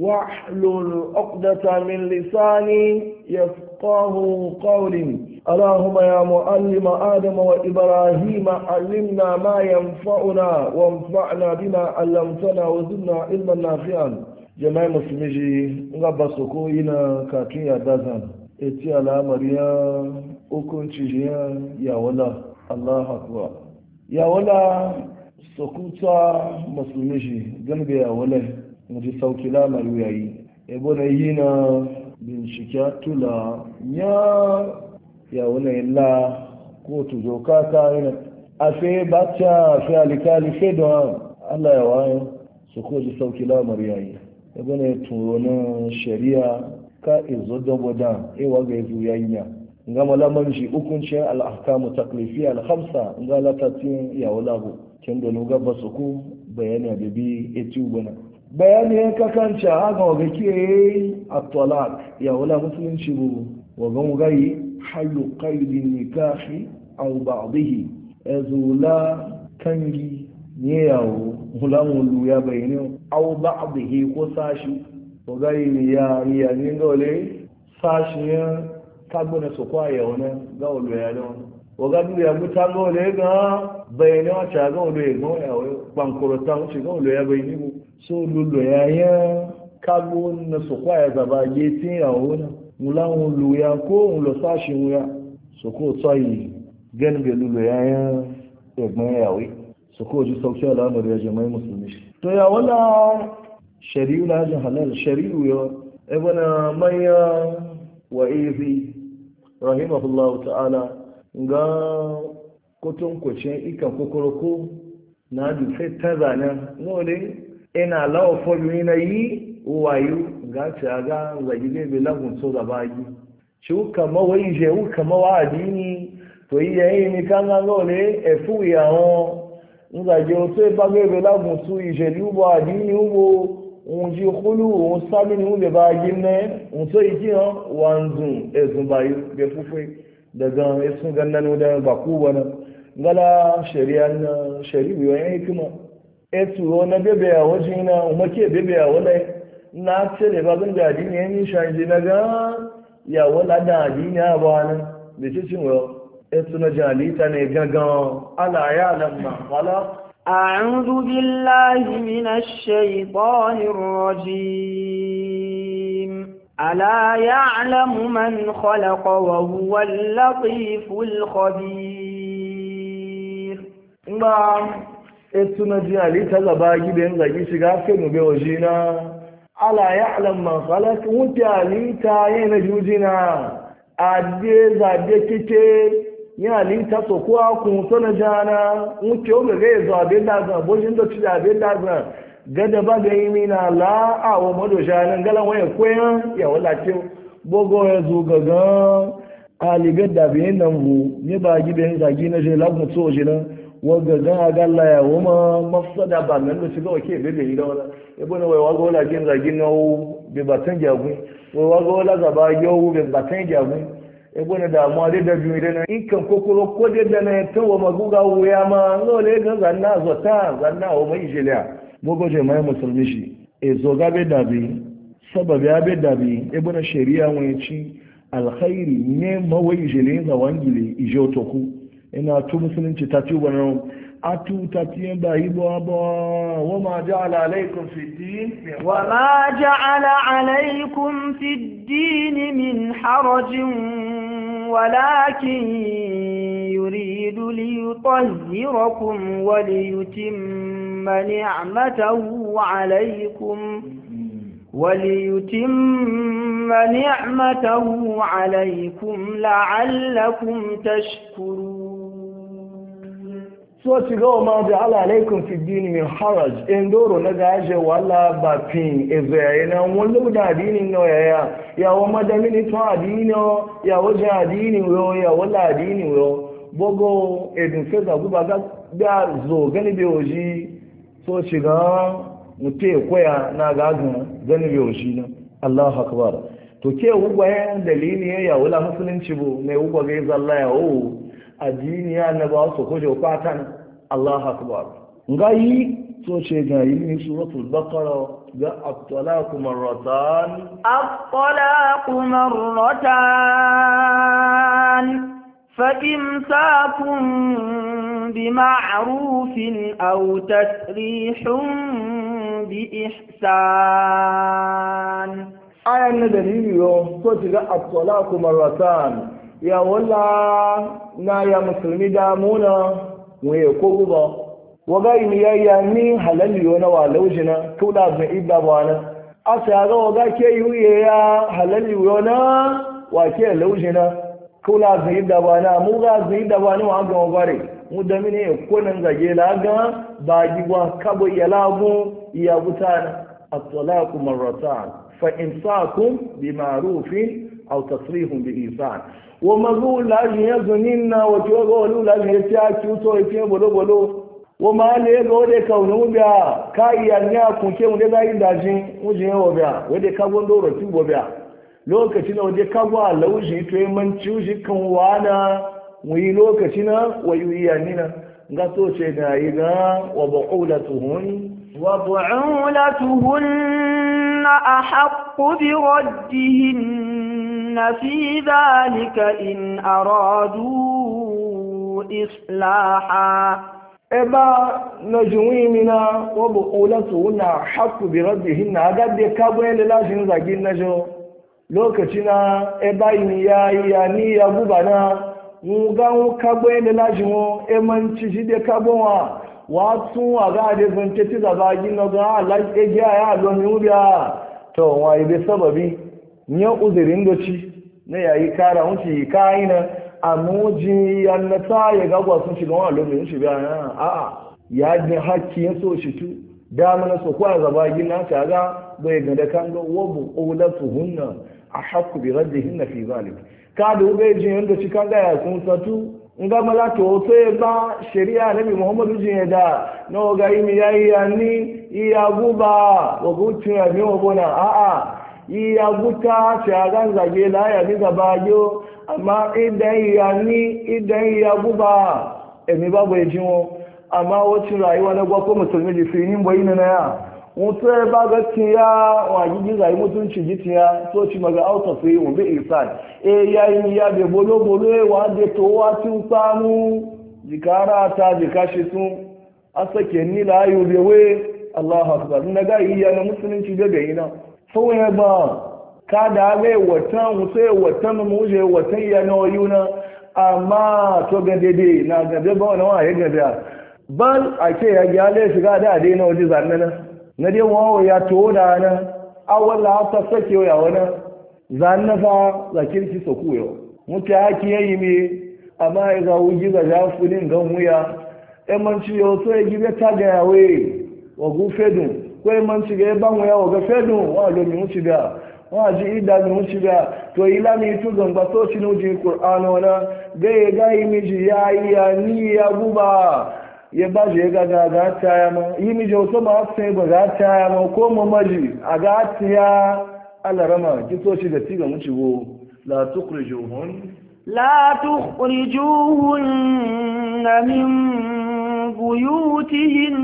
واحلل عقدة من لساني يفقه قولي اللهم يا معلم آدم وإبراهيم علمنا ما ينفعنا وانفعنا بما علمتنا وزدنا علما نافعا جماعة مسلمي غبا سكوينا كاكيا دازان اتي على مريا تجيا يا ولا الله أكبر يا ولا سكوتا مسلمي جنبي يا ولا ji sauki lamarin yayi ebo na yi na bincike tula ya ya wani la kotu zo kaka yana a fe bata fe alikali fe don allah ya wayo su ko ji sauki lamarin yayi ebo na turo na shari'a ka izo dabodan ewa ga izu yanya gama lamarji hukuncin al'akamu taklifi alhamsa ga latatin yawo labo kin da nuga ba su ku bayani da bi etu bana bayani ya kakanci haka waga ke a talaq ya wala musulunci bu waga mu gayi hayu qaidi nikahi aw ba'dihi azula kangi ne yawo hulamu luya bayani aw ba'dihi ko sashi waga ya yi ninga dole, sashi ya kagbona sokwa ya wani ga wale ya da waga duk ya muta ga le ga bayani wa cha ga lo ego ya we bankoro ta wuce ga lo ya bayani mu so lullo ya ya kago na so kwa ya zaba ye tin ya wona mula won lu ya ko won lo sa ya so ko tsayi gan be lullo ya ya ego ya we so ko ji to ya wala shari'u na halal shari'u ya ibn maya wa ta'ala ga kotun ika ikan kokoroko na jufe ta zanen ina lawa fobi na yi wayo ga ce a ga zagi bebe lagun so da bagi ci uka mawai je uka mawa adini to yi yayi ni kan ga nole efu ya won nzage oto eba bebe lagun so ije ni ubo adini ubo òun ji kúlù òun sábẹ́ ni wọ́n lè bá yí mẹ́ yi tó yí kí hàn wà ń dùn ẹ̀sùn báyìí bẹ fúnfún daga ya sun gannan da ba ku nan gala shari'a na shari'u yi kuma. Ya e etu na bebe a wajen na umarke bebe a wani na ce da babin da adini ya yi shanje na ga ya wala da adini a ba nan da ce cin wa ya e na jalita ne gaggan ala ya lamma wala أعوذ billahi من الشيطان الرجيم ألا يعلم من خلق وهو اللطيف الخبير نعم اتنا جالي تغبا جبين غي شغاف كنو بوجينا ألا يعلم من خلق وتالي تاين جوجينا أدي زادي كيكي yali ta sokuwa kun tona jana muke oge ga zo abin da zan bojin da ci abin da gada ba ga yi na la'a wa madosha nan galan waya koyan ya walace bogo ya zo gaga aligar da biyan nan bu ne ba gidan zagi na shi lagun so shi nan wanda zan a galla ya wuma mafsada ba nan da shiga wake bai da gida wala ya bane wai wago wala gin zagi na wu bai batan gyagun wai wago wala zaba yau bai batan gyagun ya bane damuwa dai da biyu dai na in kan kokoro ko dai da na ya tawa maguga wuya ma lole ga zanna zota zanna wa mai jiliya mugoje mai musulmi shi e zo gabe dabi sababi abe dabi ebe na shari'a wani ci alkhairi ne mawai jele za wangile ijo toku ina e tu musulunci ta ci wani atu ta tiye ba yi bo bo wa ma ja'ala alaykum fi din wa ma ja'ala alaykum fi din min harajin ولكن يريد ليطهركم وليتم نعمته عليكم وليتم نعمته عليكم لعلكم تشكرون so ci gawa ma bi ala alaikum fi dini min haraj in doro na gaje wala ba fin izayi e na wani da adinin na ya ya ya wa madamini to adini ya waje adini yo ya wala adini yo bogo edun fesa da guba ga da zo gani be oji so ci ga mute koya na gagun gani be oji na Allahu akbar to ke ugwa dalili ya wala musulunci bo mai ugwa ga zalla ya addini ya annabawa su kuje fatan Allah akbar ngai so ce ga yin suratul baqara ga at-talaqu marratan at-talaqu marratan فإمساك بمعروف أو تسريح بإحسان آية النبي يوم صوت الطلاق مرتان ya wala na ya musulmi damuna waye ko guba waga yi ya ya ni halali yona wa laujina to da zan idda bana asa ga waga ke yuye ya halali yona wa ke laujina to la zan idda na mu ga zan idda ni wa ga bare. mu da mine ko nan zage la ga ba ka bo ya lagu ya butana at-talaqu marratan fa imsakum bi ma'rufin أو تصريح بإيصال ومغول لاجي يزنينا وتوغول لاجي يتاكي وتوكي بلو بلو وما لي غوري كونو بيا كاي يانيا كونكي ودي غاي داجين وجين وبيا ودي كابون دورو تي وبيا lokacin da waje kagwa laushi to yi manci shi kan wana muyi lokacin na wayoyi yanina ga so ce na yi wa wa na a إن في ذلك إن أرادوا إصلاحا إبا نجويمنا وبقولتنا حق بردهن هذا دي كابوين للاجن زاقين نجو لوكتنا إبا يميا يعني يا بوبانا mugan kagbe da lajimo emanci shi da kagbonwa wasu a ga da zance ci zaba gina ga alaƙe ya to wa sababi nye uzuri ndochi na ya yi kara hun ka kai na amuji annata ya ga gagwa sun shiga wani lobe shi biya a a ya ji ya so shi tu da mana so kuwa zaba gina ta ga bai ga da kan ga wabu qulatuhunna ahqqu bi raddihinna fi zalik ka da ube ji ya ci kan ga ya sun satu nga mala to so ya ba shari'a muhammadu ji ya da na ga yi mi ya ni iya guba wa gutu ya a iya buta shagan zage laya ni gaba yo amma idan ya ni idan ya guba emi babu ya jinwo amma wacin rayuwa na gwakwa musulmi da fini bai na ya mutu ya ba ga tiya wa gigi zai mutunci ji tiya so ci yi umbe isan e ya ya be bolo bolo wa ta asake ni la yu na fúnwẹ́ bá kádà rẹ̀ wọ̀tán wùsẹ̀ wọ̀tán mọ̀mọ́jẹ̀ wọ̀tán ìyànà ọyún àmá na gẹ̀dẹ̀ bá wọn àyẹ́ ba bal ake ya gyale shiga da na waje zanne na na dai wawo ya to da na awalla ta sake ya wana zanne fa zakirki muke haki yayi me amma ya ga wuji ga jafunin gan wuya ɗan so ya gibe ta ga yawe wa kwai man ci ga ban waya ga fedu wa lo mi ci ga wa ji ida mi ci ga to ila mi tu gan ba so ci no ji qur'an wala ga ya ga mi ji ya ya ni ya guba ya ba je ga ga ga ta ya ma yi mi jo so ba sai ba ga ta ya ma ko mu maji a ga ta ya alarama ki so ci ga ci ga mu ci go la tukhrijuhun لا تخرجوهن من بيوتهن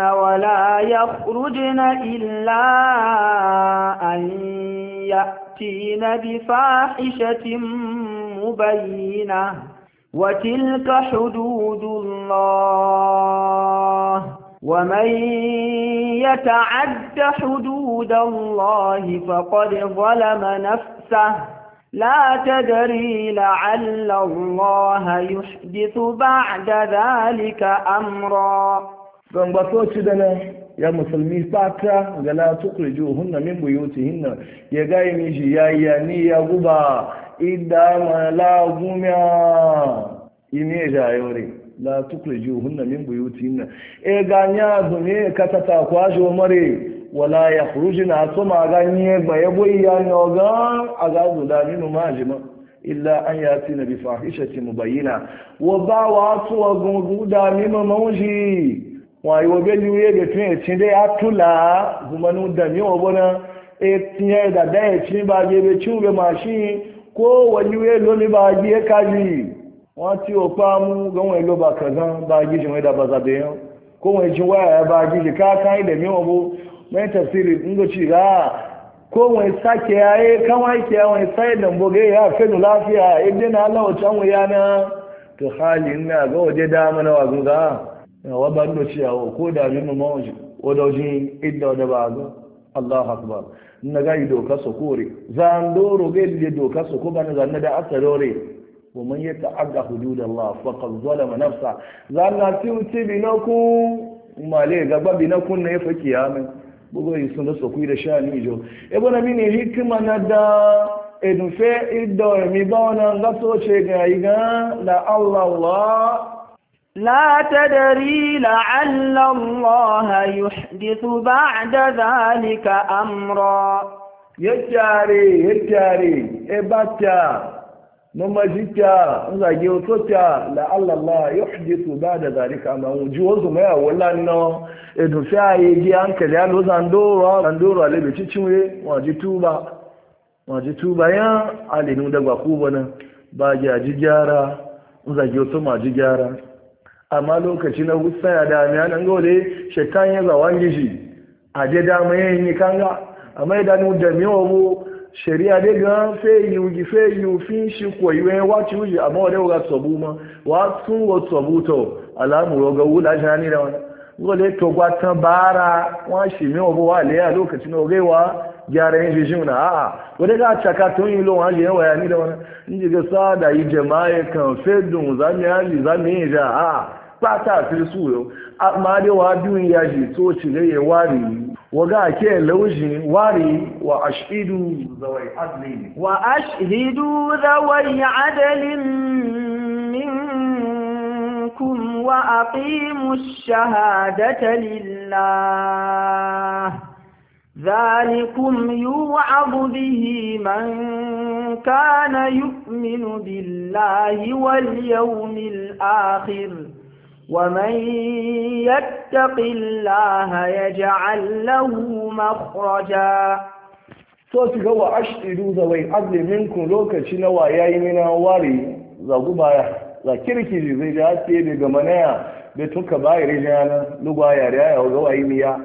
ولا يخرجن إلا أن يأتين بفاحشة مبينة وتلك حدود الله ومن يتعد حدود الله فقد ظلم نفسه لا تدري لعل الله يحدث بعد ذلك أمرا don ba so ci da nan ya musulmi fata ga na la tukriju hunna min hinna ya ga yi shi ya ya ni ya guba idda ma la gumya ine ja yore la tukriju hunna min buyutihinna e ga nya zume kata ta kwajo mare wala yakhrujna suma ga nye ba ya boya a aga zuda minu ma illa an ya yati na bi mu mubayyina wa ba wa su wa guda mimma mawji wọ́n yíwo bẹ́ liwé bẹ̀ tún ẹ̀tún dẹ́ àtúlà gùnmọ́nú dàmí ọ̀bọ́nà ẹ̀tún ẹ̀dàdá ní bá gbé bẹ̀ tún bẹ̀ màṣín kó wọ́n liwé lónìí bá gbé kájì wọ́n ti ó pa mú gọ́wọ́n ẹ̀lọ́ bá gbé ẹ̀dà bàzà kó wọ́n wáyà bá gí ṣe wọ́n wa ban do ciyawo ko da min ma waje o da waje idda da ba ga Allahu akbar na ga yi doka su kore zan doro ga yi doka su ko ban zan da asarore wa man yata'adda hududallah faqad zalama nafsa zan na tiuti binakum male ga babi na kunna ya faki ya mai bugo yi sun da sokui da sha ni jo e bona mini hikima na da edun fe iddo mi bona ngaso che ga iga da allah allah لا تدري لعل الله يحدث بعد ذلك أمرا يجاري يجاري إبتا نمجتا نزاجيوتتا لعل الله يحدث بعد ذلك أمرا جوز ما ولا نو إنه ساي جي أنك لأنه زندورا زندورا لبتشوي واجتوبا واجتوبا يا علي نودك وقوبنا باجي أجي جارا نزاجيوتما أجي جارا amma lokaci na gusa ya dami an gole shekan ya zawan gishi a je dama yin yi kanga amma idan mu da miwa mu shari'a dai ga sai yi ugi sai yi ufin shi koyi wani wace uji amma wadai wa tsobu ma wa sun wa tsobu to alamu roga wula shani da wani gole to gwatan bara wa shi miwa bu wa leya lokaci na ogewa gyara yin jishin na a'a wadai ga caka tun yi lo wa je da wani in ji ga sada yi jama'a kan fedun zami hali zami yi a'a su yo amma da wa àmàdéwà bíun yájì tó tìlẹ́yẹ wárí waga ke lẹ́wọ́jì wárí wà ashidu zawai adli wà ashidu zawai minkum wa aqimu ash-shahadata lillah ذلكم يوعظ به من كان يؤمن بالله واليوم الآخر ومن يتق الله يجعل له مخرجا so ki ga wa ashiru da wai azli minkum lokaci nawa yayi mina wari za gubaya za kirki zai da ce daga manaya da tuka bayar jana lugwa yare ya ga wai miya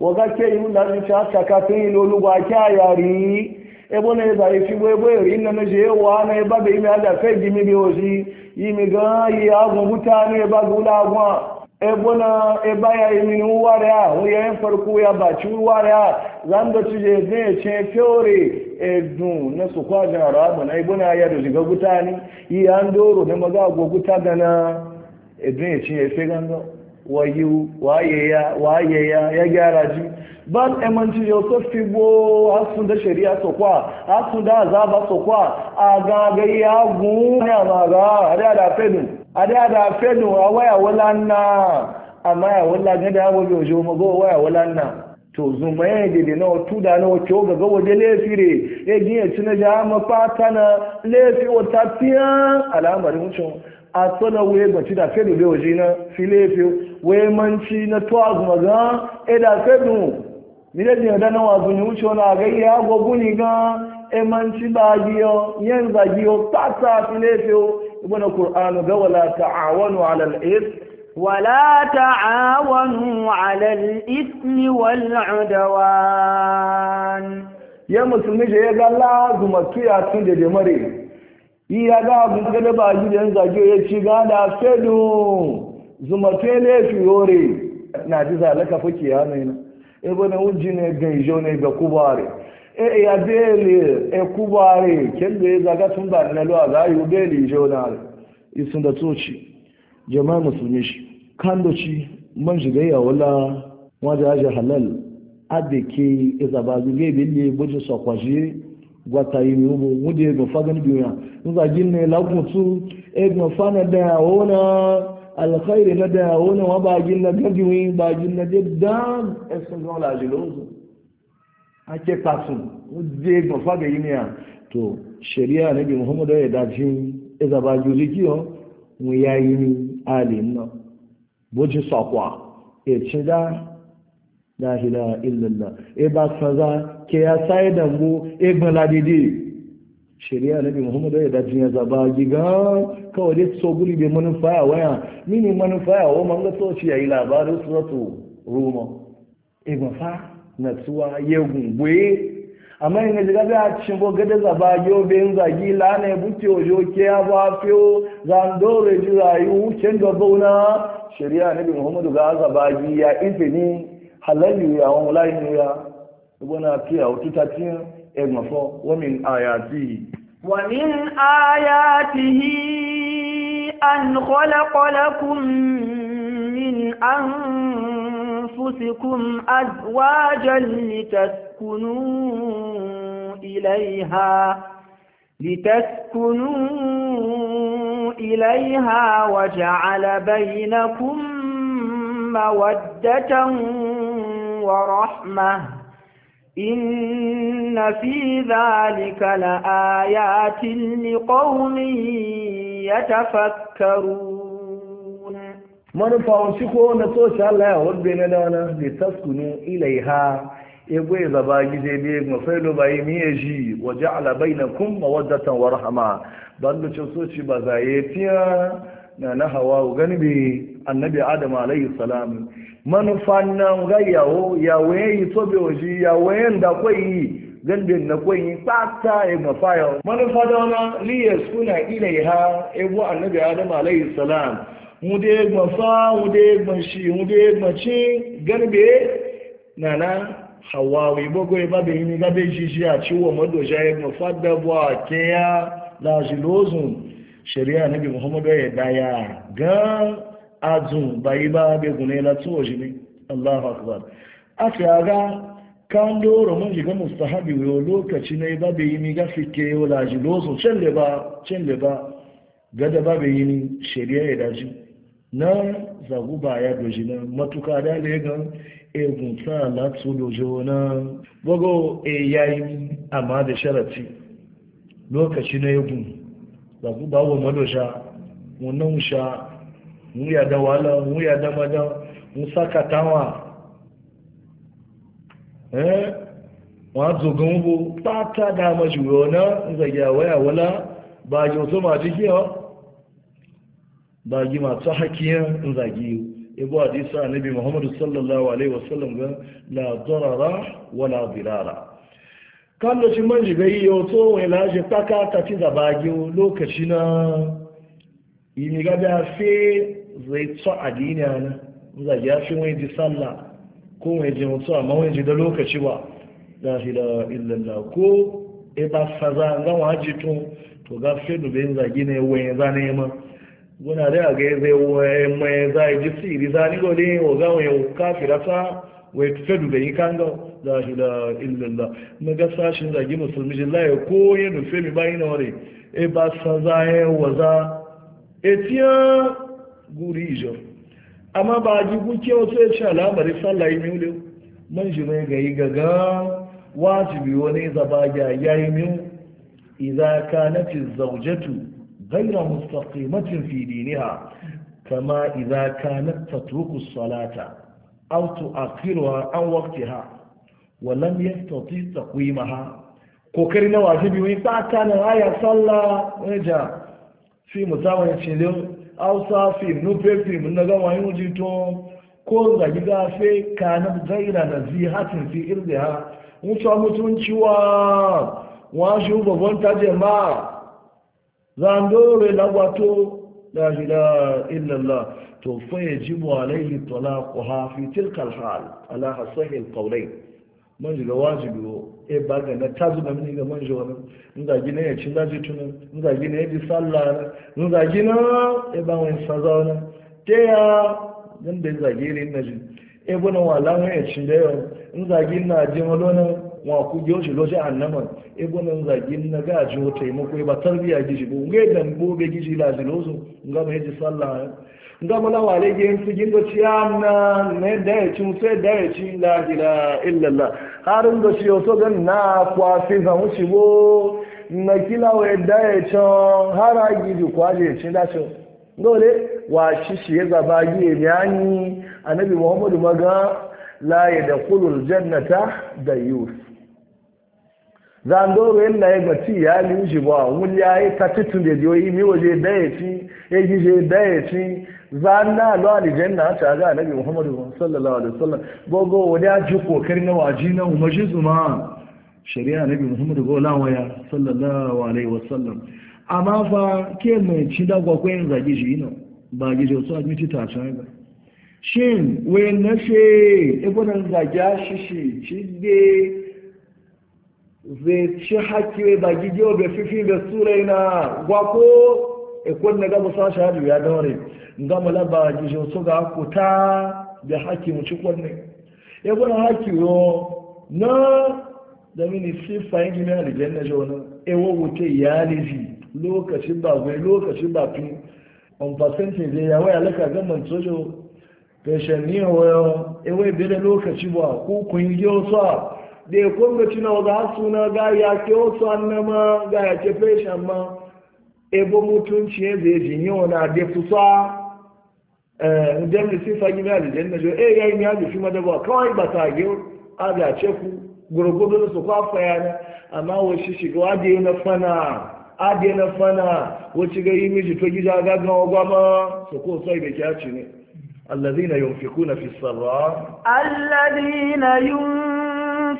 wa ga ke yi na ni ta ta ka tin lo lugwa kya yari e bona za yi fi boye boye rin na je wa na ba be mi ada fe gimi bi oji yimi ga yi agun mutane ba gula agun ebona eba ya yi mini ware a wuyayen farko ya baci ware a zan da tuje zai ce fiore edun na su kwajin abu na ibuna ya da shiga gutani yi an doro na maza agoguta da gana edun ya ce ya fi gangan wayo waye ya ya gyara ji ban emanci yau soffi bo hasun da shari'a so kwa hasun da azaba so kwa a gagayi hagu ya maga a da da fedun a da da na amma ya wala gada abubuwa jo na to zuma ya dede na otu da na oke oga ga waje lefire e, ya gina ci na ja mafata na lefi wata fiya al'amarin wucin a tsada wuye baci da fedu bai waje na fi lefi wuye manci na tuwa zuma ga e da fedu ni da jina da na wazo ni wuce wani aga iya gwaguni ga e manci ba giyo yan zagiyo tata fi lefi wani kur'anu ga wala ta'awanu alal is ولا تعاونوا على الإثم والعدوان ya musulmi da ya ga lazumatu ya tun da da mare yi ya ga abin da da ba ji da zage ya ci gada fedu zumatu ne fiyore na ji zalaka fuke ya nuna ebe na wujji ne gaijo ne ga kubare e ya bele e kubare kendo ya zaga tun ba na lo a zayi bele jo na isun da toci jama'a musulmi shi kando ci man shiga ya wala wajen ajiyar halal abe ke izaba zuge bille bujin sakwashe gwata yi mi ubu wude gani fagan biyu ya nza ne lakuntu egma fana da wona alkhairi na da wona wa ba gani gagiwi ba ginna de da esun ga la jilozu ake kasu wude ga fagan yi ya to shari'a bi muhammadu ya dafi izaba zuge kiyo mu yayi ni alin nan buji sakwa e ci da la ilaha illallah e ba saza ke ya sai da mu e gbaladidi shari'a nabi muhammadu ya dajin ya zaba giga kawai dai so guri bai manufa ya waya mini manufa ya wa manga soci ya yi labarin suratu roma e ba fa natsuwa ya gungwe amma yin gaji gabi a cikin bo gada zaba yo ben zagi lana buke ojo ke ya ba fiyo zandoro ji rayu wucin gaba na shari'a nabi muhammadu ga zaba gi ya izini halalli ya wani layin ya ibona fiya wututa fiya egmafo wamin ayati ومن آياته أن خلق لكم من أنفسكم أزواجا لتسكنوا لتسكنوا إليها لتسكنوا إليها وجعل بينكم مودة ورحمة إن في ذلك لآيات لقوم يتفكرون من فاوشكو نسوش الله يهود بيننا لتسكنوا إليها egwe zaba gije ne mafailo bayi miye ji wa ja'ala bainakum mawaddatan wa rahma banda ce so ci ba zaye tiya na na hawa gani bi annabi adam alayhi salam manufan nan ga yawo yawe yi to be ya yawe da koyi gandun na yi tsata e mafayo manufa da wana li yasuna ilaiha egwa annabi adam alayhi salam mu de mafa mu de shi mu de bi ganbe nana hawawi bogo e babe ni babe jiji a ciwo mado jaye mu fadda bo ke ya la jilozun shari'a nabi muhammadu ya daya ga azun bai ba be gune la tuwo jini allahu akbar aka ga kan doro mun jiga mustahabi yo lokaci ne babe yimi ga fike yo la jilozun celle ba celle ba gada babe yimi shari'a ya daji Na zagu ba ya doji nan matuka da ne ga egun sa latu dojo nan gogo e yayi amma da sharati lokaci na egun zagu ba wa madosha wannan sha mu ya da wala mu ya da mada mu saka tawa eh wa zogon ta ta da majuyo na zagya waya wala ba jo so ma jikiyo ba gi masu hakiyar in zagi yau ibu hadisa annabi muhammadu sallallahu alaihi wasallam ga la darara wala dirara kan da cin manji gai yau to wani lashe taka ta ci da bagi lokaci na yini ga da fe zai tso adini na Zagi ya fi wani ji sallah ko wani ji mutu amma wani ji da lokaci ba la ilaha illalla ko e ba saza ga waji to to ga fe dubin zagi ne wani za ne ma wuna da ga zai wayan mai zai ji siri zani gole o ga wayan kafira ta wai tufe da yi kan ga la da. illallah na ga sashin zagi musulmi jillahi ko ya nufe mi bayi na ware e ba sa zaye waza e tiya! guri ijo amma ba ji kuke wasu ya ce alamari sallah yi miule man ji mai ga yi gaga wajibi wani zaba ya yi miu idan ka nafi zaujatu غير مستقيمة في دينها كما إذا كانت تترك الصلاة أو تؤخرها عن وقتها ولم يستطيع تقويمها kokari na wajibi wani ta na raya sallah ja fi musamman cilin hausa fim nufe fim na gama yin jito ko zagi gafe ka na zaira na zihatin fi irziha mutunci wa shugabanta jama'a zandore lagwato la ilaha illallah to fa yajibu alayhi talaquha fi tilka alhal ala hasahi alqawlayn man jiga wajibi e eh, baga na tazu da mini ga man jiga wani in ga gina ya ci zaji tun in ga gina ya ji sallah in ga gina e ba wani saza wani te ya dan da zage ne na ji e eh, bana wala ya ci da yau in ga gina ji wani wa ku gyo shi loje annama ibn zagin na ga ji wata mako ba tarbiya gishi ba. ngai dan bobe gishi la zilozo nga mai ji sallah nga mala wale gen su gindo ci anna ne da ya ci sai da ya ci la ila illa allah harun do shi so gan na kwa fi za mu bo na kila wa da ya ci hara gidi kwa je ci da ci dole wa shi shi ya zaba gi ne ani annabi muhammadu maga la yadkhulul jannata da zandoro yadda ya gaci ya linshi ba wuli ya yi ta tutun da jiyoyi mi waje daya ci ya gije daya ci zanna lo alijanna a ta ga nabi muhammadu sallallahu alaihi wasallam gogo wani ya ji kokari na waji na umarji zuma shari'a nabi muhammadu go waya sallallahu alaihi wasallam amma fa ke mai ci da gwagwayin zage shi ino ba gije a admiti ta can ba shin wayan na she ibunan zage shi shi ci zai ci haƙƙi ba gigiyo da fifi da surai na gwako ikon na gaba sashi hajji ya daure gama laba gijin so ga kuta da haki mu ci kwanne ya gwada haki yo na da mini siffa yin gini alijan na jona ewo wuce ya liji lokacin ba gwai lokacin ba fi on percentage da ya waya laka gaman sojo peshen ni wayo ewo ibere lokaci ba ko kun yi gyosa da ya kunga cina wa za su na ga ya ke wasu annama ga ya ke feshen ma ebo mutunci ya zai yi wani ade sa jan da sa eh, gina alijan na jo e ya yi ya jufi madaba kawai ba ta ge a ga ce ku gurgudu su kwafa yana amma wasu shiga yi na fana a yi na fana wacce ga yi miji to gida gaggawa gwama su ko sai da kyaci ne الذين ينفقون في السراء الذين ينفقون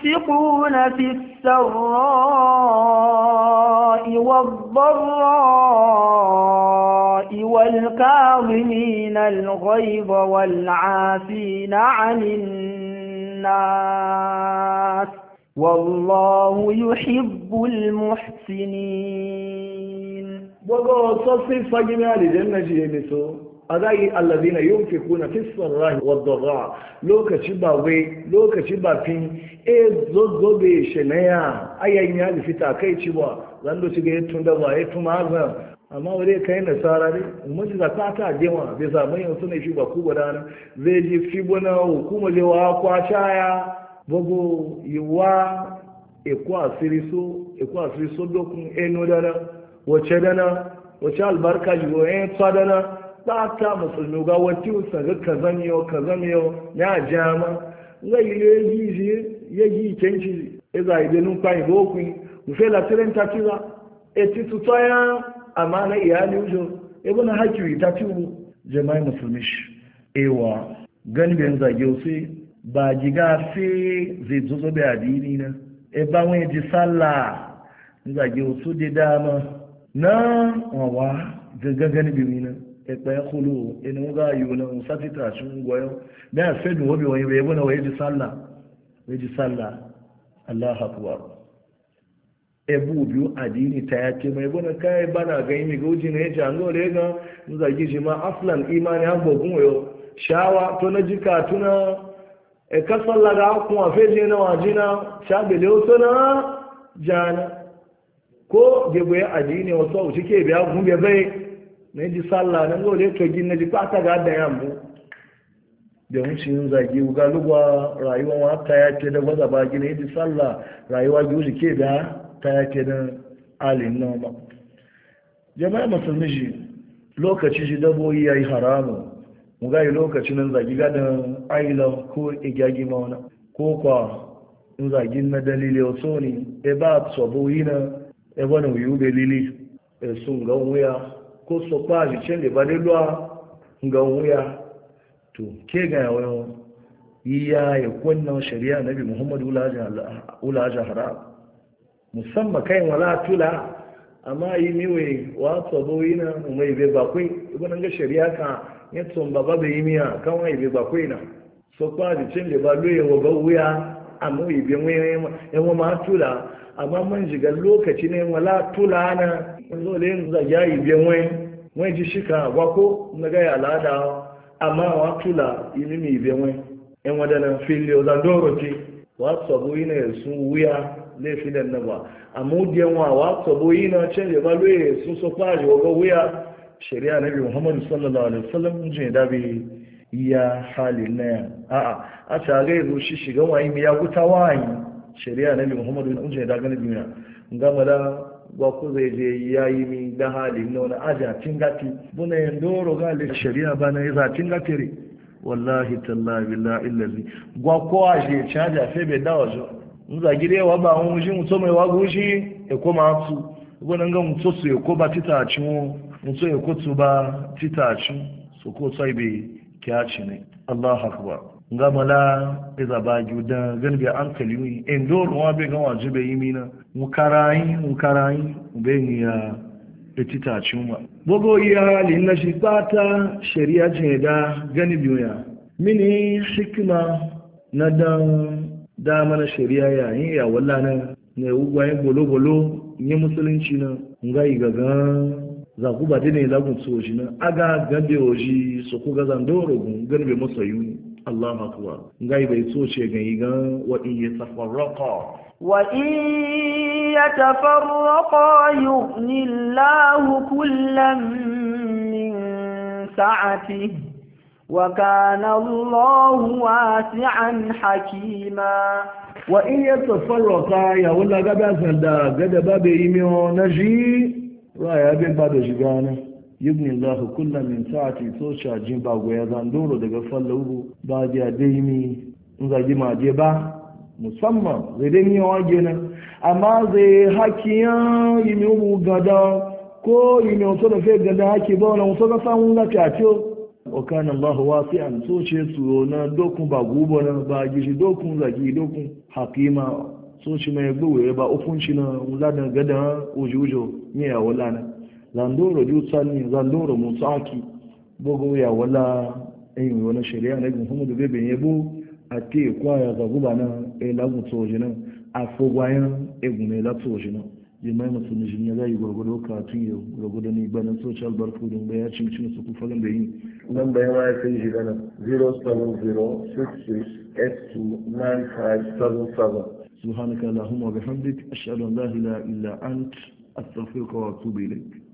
ينفقون في السراء والضراء والكاظمين الغيظ والعافين عن الناس والله يحب المحسنين وقال صفي فجمال الجنة جيمته agayi allazina yunfikuna fi sarrahi wadh-dharra lokaci ba wai lokaci ba fin e zozobe shenaya ayayin ya ta kai ci ba zando ci ga yatun da ba yatun mazan amma wani kai nasara ne umarci da sata jima bai samu yin suna shi ba ku gudana zai ji fibona hukuma lewa kwaca ya bago yiwa ekwa siriso ekwa siriso dokun eno dana wace dana wace albarka yiwa yan tsadana pata musulmi ga wati usaga kazamiyo kazamiyo ya jama nga ile yizi yeji chenchi eza kwi. numpa ibokwi mfela tiren tatiza eti tutaya amana iyali ujo ebo na haki itatibu jama'i musulmi ewa gani ben zage usi ba jiga fi zai zozo bai adini na e ba wani ji sallah zage usu di dama na wawa gagagani biyu na ẹ̀pẹ́ kúlù inú gá yìí wọn sátítà ṣún gbọ́yọ́ bí a fẹ́ dùn wọ́bí wọ́n yìí wọ́n wọ́n yìí sálà wọ́n sálà aláhàkùwà ẹbú bí àdínì tàyà tí mọ̀ ẹbọ́n káyẹ bá náà gẹ́yìn mi gójì ní ẹjà ńgọ́ lẹ́gàn ń zàgí jì máa aflan imani agbọ̀gún wọ̀ ṣáwa tó na jíkà tó na ẹ̀ka sálà gá àfẹ́jì náà wà jìnà ṣàgbèlè ó tó náà jàánà ko gẹ̀gbẹ̀ àdínì ọ̀sọ́ òṣìkè ìbí agúnbẹ̀ bẹ́ẹ̀ na yi ji sallah na zo da togi na ji kwata ga da yambo da wucin zagi galugwa rayuwa wa ta ya ke da gwaza ba gina ji sallah rayuwa ji wuce ke da ta ya ke da alin nan ba jama'a musulmi shi lokaci shi daboyi ya yi haramu mu ga yi lokaci nan zagi gadon aila ko igagi mauna ko kwa in zagin na dalili wasu ne e ba tsobo yi na ebe na wuyu belili e sun ga wuya ko so pa ji chen lwa nga to ga yawo iya ya kunna shari'a nabi muhammad ulaja musamman kai wala tula amma yi miwe wa tsabo yana mai bai bakwai ibn ga shari'a ka ya tsomba ba bai miya kan wai bai bakwai na so kwa ji chen de ga wuya ma yanzu da yin zagya yi biyan wani wani ji shika wako na gaya al'ada amma wa tula imi mi biyan wani yan wadannan filiyo zandoro ce wa sabo yi na yasu wuya laifin da na ba amma udiyan wa wa sabo yi na canje ba loye sun so fari wa wuya shari'a nabi muhammadu sallallahu alaihi wasallam jin dabi iya halin na a'a a tare yanzu shi shiga wani ya guta wani shari'a nabi muhammadu na ujiyar daga na duniya gama da ba ku zai je ya yi mi da halin na wani aja cin gafi buna yin doro galin shari'a ba na yasa zacin gafi re wallahi tallahi billahi illazi gwa kowa je caja fe bai dawa jo in zagire wa ba hun shi mutu mai wagu shi ya koma su gwanin ga mutum su ya ko ba titacin mutum ya ko su ba titacin su ko sai bai kyaci ne Allah akbar ngamala iza ba juda galbi an kalimi en dole wa be ga wajibe yimina mukarayi mukarayi bai ya etita chuma bogo ya hali na shi bata sharia jeda gani biya mini hikima na dan dama na sharia ya yin ya wallana ne ugwaye bolo bolo ne musulunci na ngai gaga za ku ba dine lagun tsoji na aga gabe oji su ku ga zandoro gun galbi masoyu Allah matuwa ngai bai so ce ga yi gan wa in ya tafarraqa wa in ya tafarraqa yughni Allahu kullam min sa'atihi وكان الله واسعا حكيما وإن يتفرقا يا ولا غدا سندا غدا بابي ميو نجي رايا بين بابي شغانا yubni Allah kulla min sa'ati so shajin ba goya zan doro daga fallahu ba da dai mi in zagi ma je ba musamman zai dai ni wa gena amma zai hakiya yimi mu gada ko yimi so da fe gada haki ba wannan so da samun na tacho wa kana Allah wasi'an so ce su na dokun ba gubo na ba gishi dokun zagi dokun hakima so shi mai gbuwe ba ukun shi na wula da gada ujujo ne ya wula na zandoro jutsanni zandoro mutsaki bugu ya wala yin eh, wani shari'a na gun humudu bebe bu a ke kwaya ga guba nan e lagun tsoji nan a fogwayan egun eh, mai latsa tsoji nan jimai masu nishin ya zai gwargwado katun ya gwargwado ne gbanin social barku don bayan cin cin su kufarin da yi nan bayan ya fi waya sai shi gana 07066829577 سبحانك اللهم وبحمدك أشهد أن لا إله إلا أنت أستغفرك وأتوب إليك